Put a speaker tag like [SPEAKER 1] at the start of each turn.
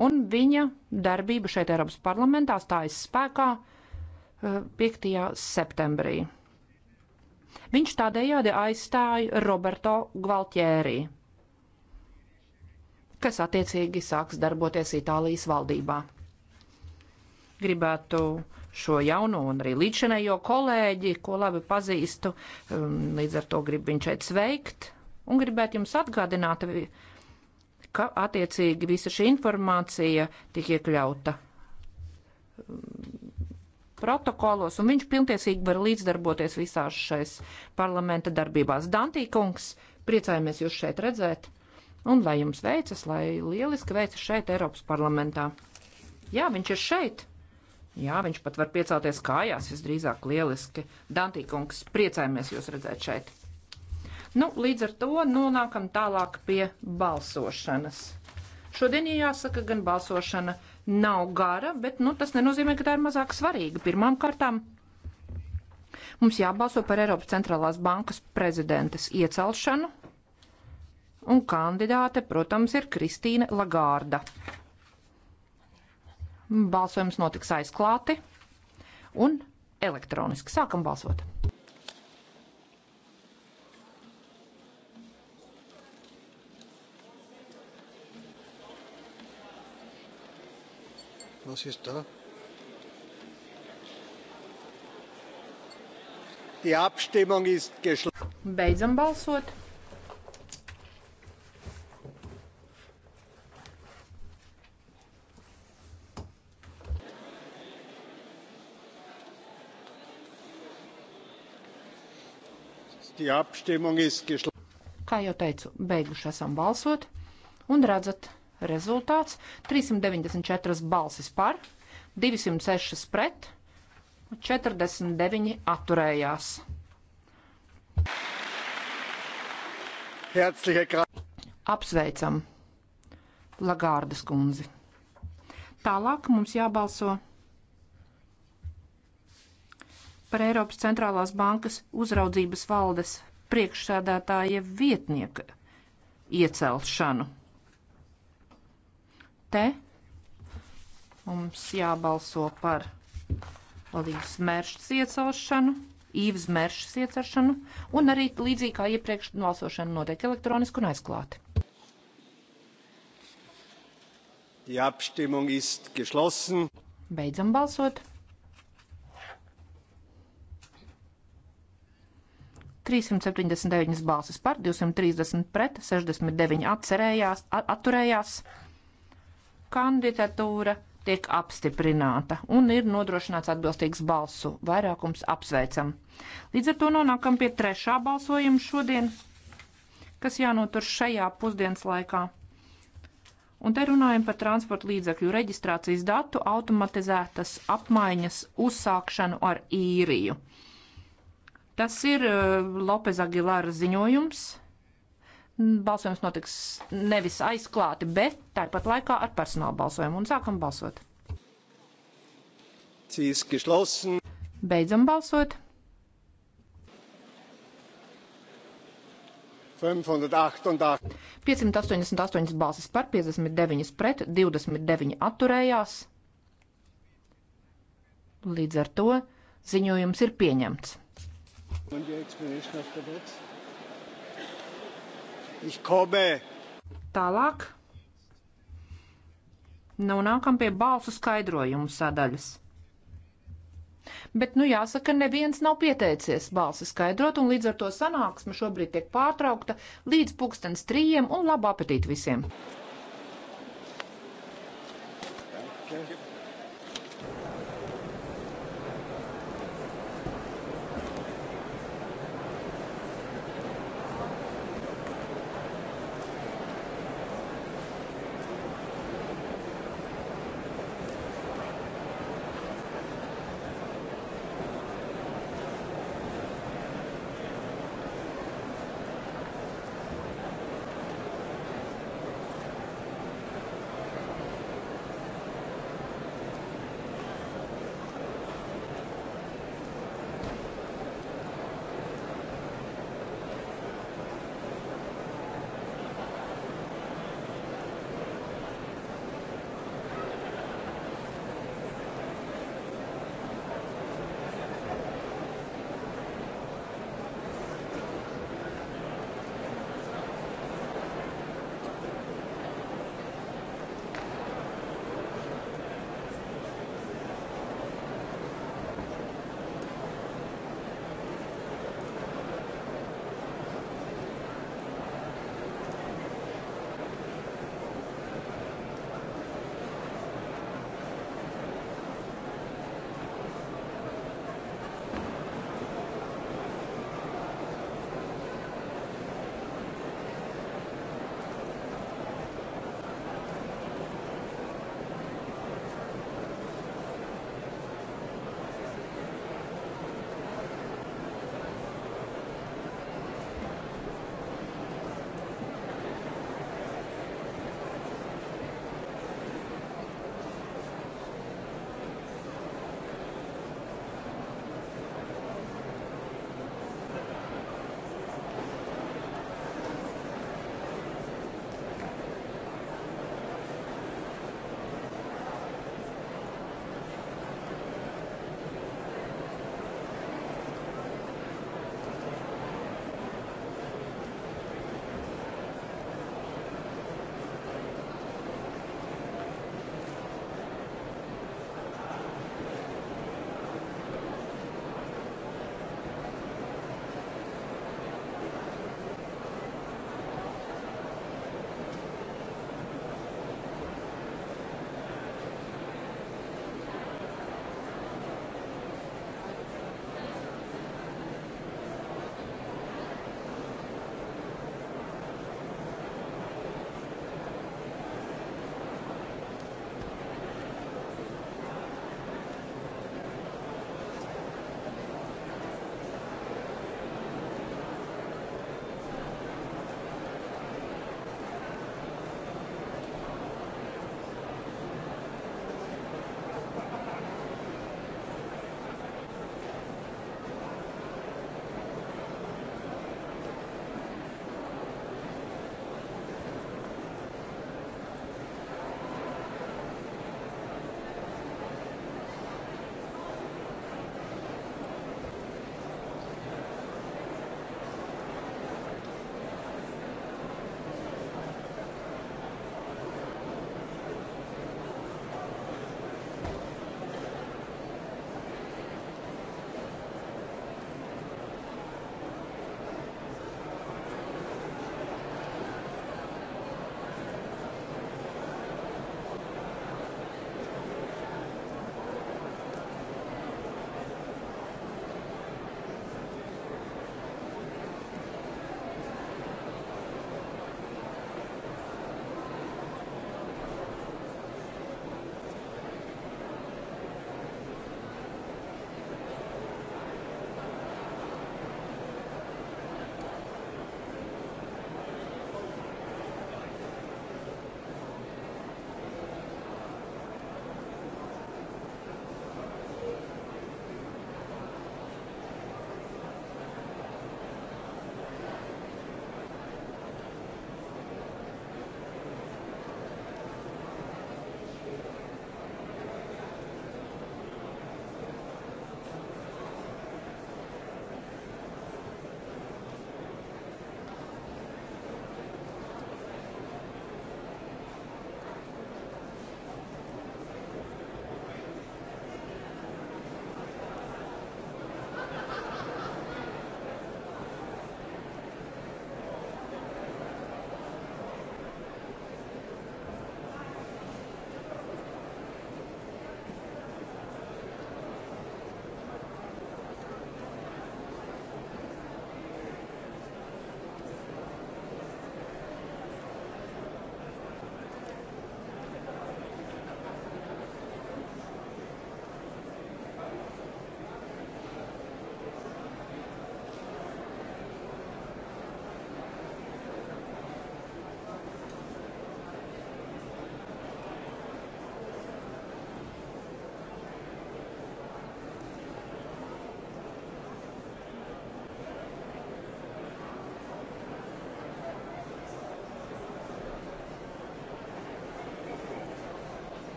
[SPEAKER 1] un viņa darbība šeit Eiropas parlamentā stājas spēkā 5. Eh, septembrī. Viņš tādējādi aizstāja Roberto Gvaltjēri, kas attiecīgi sāks darboties Itālijas valdībā. Gribētu šo jauno un arī līdzinējo kolēģi, ko labi pazīstu, um, līdz ar to gribu viņu šeit sveikt un gribētu jums atgādināt, ka attiecīgi visa šī informācija tiek iekļauta um, protokolos, un viņš pilntiesīgi var līdzdarboties visās šais parlamenta darbībās. Dantīkungs, priecājamies jūs šeit redzēt, un lai jums veicas, lai lieliski veicas šeit Eiropas parlamentā. Jā, viņš ir šeit. Jā, viņš pat var piecelties kājās, visdrīzāk lieliski. Dantīkungs, priecājamies jūs redzēt šeit. Nu, līdz ar to nonākam tālāk pie balsošanas. Šodien, ja jāsaka, gan balsošana nav gara, bet nu, tas nenozīmē, ka tā ir mazāk svarīga. Pirmām kārtām mums jābalso par Eiropas centrālās bankas prezidentes iecelšanu, un kandidāte, protams, ir Kristīna Lagārda. Balsojums notiks aizklāti un elektroniski. Sākam balsot! No, sí está. Die Abstimmung ist geschlossen. Beidzam balsot. Die Abstimmung ist geschlossen. Kā jau teicu, beiguši esam balsot un redzat. Rezultāts - 394 balsis par, 206 pret, 49 atturējās. Apsveicam Lagārdas kundzi. Tālāk mums jābalso par Eiropas centrālās bankas uzraudzības valdes priekšsēdētāja vietnieka iecelšanu te mums jābalso par valdības mēršas iecelšanu, īvas mēršas iecelšanu un arī līdzīgi kā iepriekš balsošana notiek elektroniski un aizklāti.
[SPEAKER 2] Die Abstimmung ist geschlossen.
[SPEAKER 1] Beidzam balsot. 379 balsis par, 230 pret, 69 atcerējās, atturējās kandidatūra tiek apstiprināta un ir nodrošināts atbilstīgs balsu vairākums apsveicam. Līdz ar to nonākam pie trešā balsojuma šodien, kas jānotur šajā pusdienas laikā. Un te runājam par transporta līdzakļu reģistrācijas datu automatizētas apmaiņas uzsākšanu ar īriju. Tas ir eh, Lopez Agilāra ziņojums. Balsojums notiks nevis aizklāti, bet tāpat laikā ar personālu balsojumu. Un sākam balsot. Beidzam balsot. 588 balsis par, 59 pret, 29 atturējās. Līdz ar to ziņojums ir pieņemts. Un, ja Tālāk nonākam pie balsu skaidrojumu sadaļas. Bet, nu, jāsaka, neviens nav pieteicies balsi skaidrot, un līdz ar to sanāksme šobrīd tiek pārtraukta līdz pulkstens trījiem, un labu apetīti visiem!
[SPEAKER 2] Thank you.